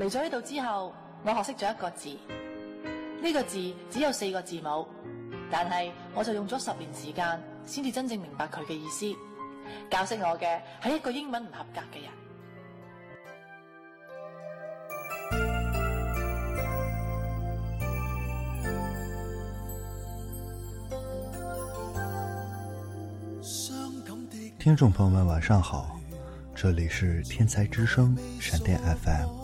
嚟咗呢度之後，我學識咗一個字，呢個字只有四個字母，但係我就用咗十年時間，先至真正明白佢嘅意思。教識我嘅係一個英文唔合格嘅人。聽眾朋友們，晚上好，這裏是天才之聲，閃電 FM。